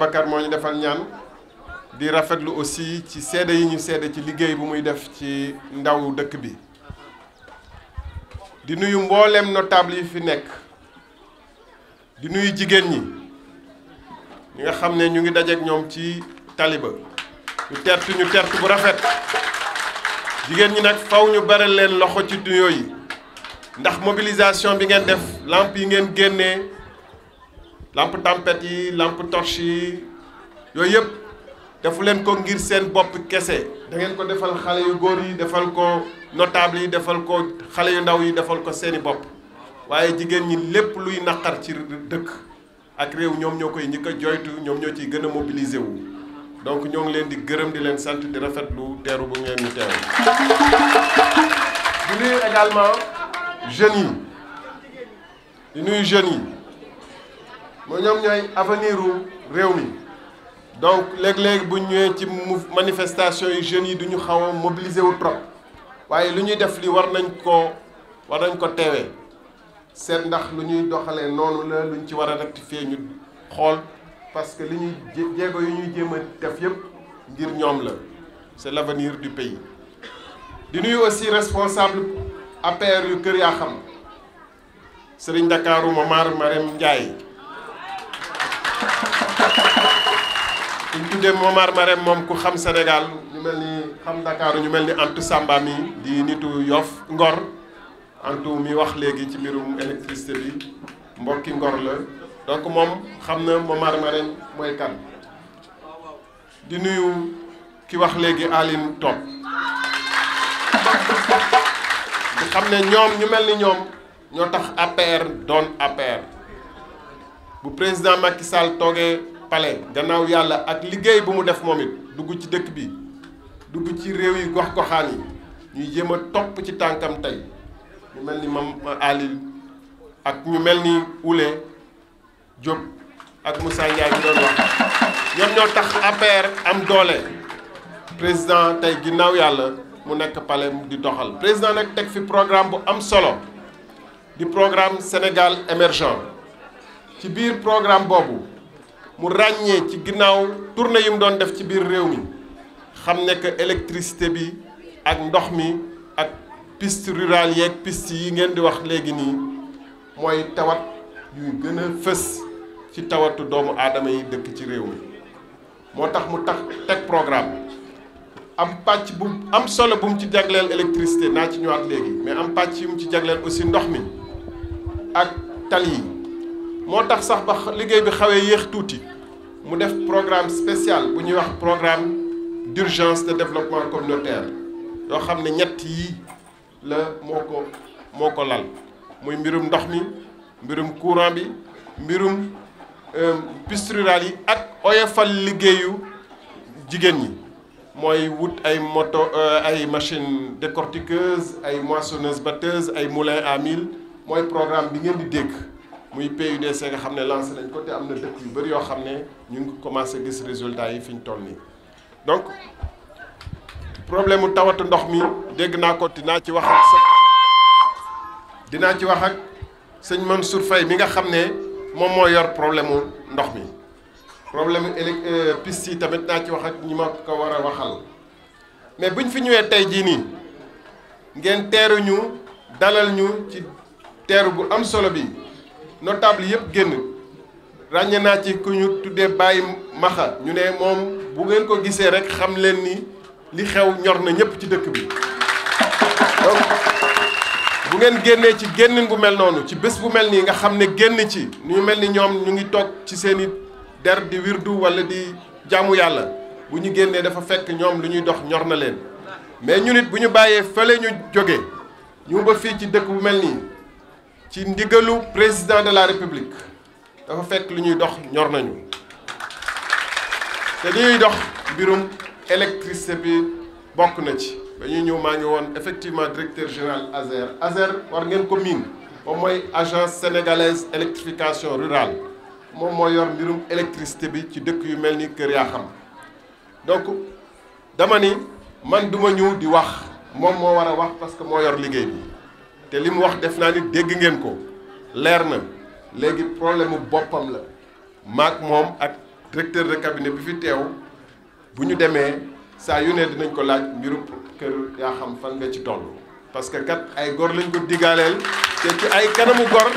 Babacar moo ñu defal ñaan di rafetlu aussi ci seede yi ñu seede ci liggéey bu muy def ci ndaw dëkk bi di nuyu mbooleem notable yi fi nekk di nuyu jigéen ñi ñi nga xam ne ñu ngi dajeek ñoom ci taliba ñu tertu ñu tertu bu rafet jigéen ñi nag faw ñu bare leen loxo ci nuyoo yi ndax mobilisation bi ngeen def lamp yi ngeen génnee lampe tempête yi lampe torche yi yooyu yëpp defu leen ko ngir seen bopp kese da ngeen ko defal xale yu góor yi defal ko notable yi defal ko xale yu ndaw yi defal ko seeni bopp waaye jigéen ñi lépp luy naqar ci dëkk ak réew ñoom ñoo koy njëkk a joytu ñoom ñoo ciy gën a mobiliser wu donc ñoo ngi leen di gërëm di leen sant di rafetlu teeru bu ngeen ñu teeru di nuyu également jeunes yi di nuyu jeunes yi mooy ñoom ñooy avenir réew mi donc léeg-léeg bu ñëwee ci manifestation yu jeunes yi duñu xaw a mobiliser wu trop waaye lu ñuy def li war nañ ko war nañ ko teewee seet ndax lu ñuy doxalee noonu la luñ ci war a rectifier ñu xool parce que li ñuy jéego yu ñuy jéem a def yëpp ngir ñoom la c'est l'avenir du pays di nuyu aussi responsable APR yu Kër Yaa Xam Sëriñ Ndakaaru Momar Marème Ndiaye ñu tuddee Momar Marème moom ku xam senegal ñu mel ni xam Dakaaru ñu mel ni Antou Samba mi di nitu Yoff Ngor Antou mi wax léegi ci mbirum électricité bi mbokki Ngor la donc moom xam na Momar Marème mooy kan di nuyu ki wax léegi Aline Top di xam ne ñoom ñu mel ni ñoom ñoo tax APR doon APR bu président Macky Sall toogee pale gannaaw yàlla ak liggéey bu mu def moom it dugg ci dëkk bi dugg ci réew yi gox-goxaan yi ñuy jéem a topp ci tànkam tey ñu mel ni mam Ali ak ñu mel ni Oulé Diop ak Moussa Ndiaye bi doon wax ñoom ñoo tax APR am doole président tey ginnaaw yàlla mu nekk pale mu di doxal président nag teg fi programme bu am solo di programme Sénégal émergent ci biir programme boobu mu ràññee ci ginnaaw tournée yi mu doon def ci biir réew mi xam ne que électricité bi ak ndox mi ak pist rurale yeeg piste yi ngeen di wax léegi nii mooy tawat yuy gën a fës ci tawatu doomu aadama yi dëkk ci réew mi moo tax mu tax teg programme am pàcc bu am solo bu mu ci jagleel électricité naa ci ñëwaat léegi mais am pàcc yu mu ci jagleel aussi ndox mi ak tali yi moo tax sax ba liggéey bi xawee yéex tuuti mu def programme spécial bu ñuy wax programme d'urgence de développement communautaire yoo xam ne ñett yi la moo ko moo ko lal muy mbirum ndox mi mbirum courant bi mbirum euh, piste rurale yi ak oyofal liggéeyu jigéen ñi mooy wut ay moto euh, ay machine décortiqueuse ay moissonneuse batteuse ay moulin à mille mooy programme bi ngeen di dégg muy PUDC nga xam ne lance nañ ko te am na dëkk yu bëri yoo xam ne ñu ngi commencé gis résultat yi fi ñu toll nii donc problème mu tawatu ndox mi dégg naa ko dinaa ci wax ak sa dinaa ci wax ak sëñ Mansour Faye mi nga xam ne moom moo yor problème mu ndox mi problème mu éli euh, piste yi tamit naa ci wax ak ñi ma ko war a waxal mais buñ fi ñëwee tey jii nii ngeen teeru ñu dalal ñu ci teeru bu am solo bi. notable yëpp génn ràññe naa ci ku ñu tuddee Baye Maxa ñu ne moom bu ngeen ko gisee rek xam leen ni li xew ñor na ñëpp ci dëkk bi bu ngeen génnee ci génn bu mel noonu ci bés bu mel nii nga xam ne génn ci ñu mel ni ñoom ñu ngi toog ci seen i der di wirdu wala di jaamu yàlla bu ñu génnee dafa fekk ñoom lu ñuy dox ñor na leen mais ñu it bu ñu bàyyee fale ñu jóge ñu ba fii ci dëkk bu mel nii ci ndigalu président de la république dafa fekk lu ñuy dox ñor nañu te li ñuy dox mbirum électricité bi bokk na ci ba ñuy ñëw maa ngi woon effectivement directeur général ASER ASER war ngeen ko miin moom mooy agence sénégalaise électrification rurale moom moo yor mbirum électricité bi ci dëkk yu mel ni Kër Yaxam donc dama ni man duma ñëw di wax moom moo war a wax parce que moo yor liggéey bi te li mu wax def naa ni dégg ngeen ko leer na léegi problème mu boppam la maak moom ak directeur de cabinet bi fi teew bu ñu demee saa yu ne dinañ ko laaj mbiru kër yaa xam fan nga ci toll parce que kat ay gor lañ ko digaaleel te ci ay kanamu gor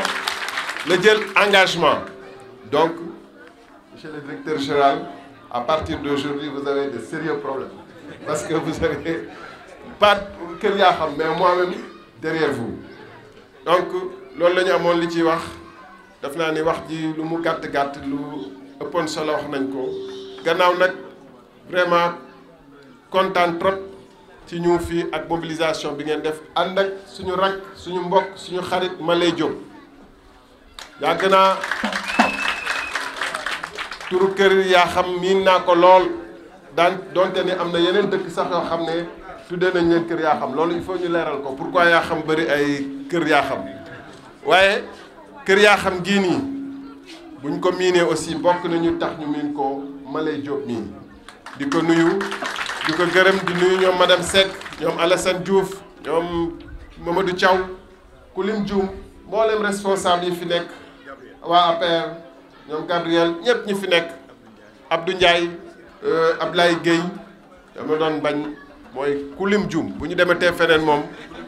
la jël engagement donc monsieur le directeur général à partir de d'aujourd'hui vous avez de sérieux problèmes parce que vous avez pas kër yaa xam mais moi-même derrière vous donc loolu lañu amoon li ci wax daf naa ni wax ji lu mu gàtt gàtt lu ëppoon solo wax nañ ko gannaaw nag vraiment kontaan trop ci ñu fii ak mobilisation bi ngeen def ànd ak suñu rakk suñu mbokk suñu xarit Maley Diop yàgg naa turu kër yaa xam miin naa ko lool daan donte ni am na yeneen dëkk sax yoo xam ne. su dee nañ leen kër yaa xam loolu il ñu leeral ko pourquoi yaa xam bari ay kër yaa xam waaye kër yaa xam gii nii buñ ko miinee aussi bokk nañu tax ñu miin ko Maley Diop mii di ko nuyu di ko gërëm di nuyu ñoom madame Seck ñoom Alassane Diouf ñoom Mamadou Thiaw ku lim Dioum mboolem responsable yi fi nekk waa APR ñoom Gabriel ñëpp ñi fi nekk Abdou Ndiaye euh, Ablaye Guèye dama doon bañ mooy ku lim jum bu ñu demee demetee feneen moom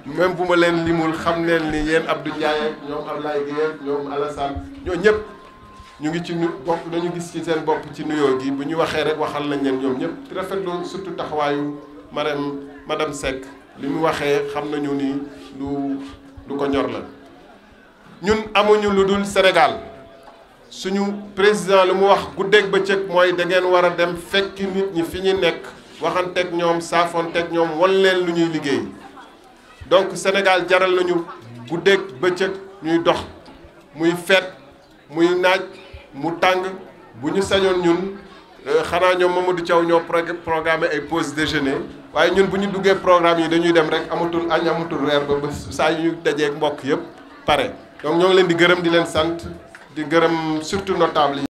même bu ma leen limul xam leen ni yéen Abdou Ndiaye ak ñoom Ablaye Guèye ñoom Alassane ñoo ñëpp ñu ngi ci nu bopp dañu gis ci seen bopp ci nuyoo gi bu ñu waxee rek waxal nañ ñeen ñoom ñëpp di rafetlu surtout taxawaayu madame madame Seck li mu waxee xam nañu ni lu lu ko ñor la ñun amuñu lu dul Sénégal suñu président lu mu wax guddeeg bëccëg mooy da ngeen war a dem fekki nit ñi fi ñu nekk. waxanteeg ñoom saafonteeg ñoom wan leen lu ñuy liggéey donc Sénégal jaral nañu guddeeg bëccëg ñuy dox muy fet muy naaj mu tàng bu ñu sañoon ñun euh, xanaa ñoom Mamadou Thiaw ñoo programme ay pause déjeuner waaye ñun bu ñu duggee programme yi dañuy dem rek amatul añ amatul reer ba ba yu ñu dajeeg mbokk yëpp pare donc ñoo ngi leen di gërëm di leen sant di gërëm surtout notable yi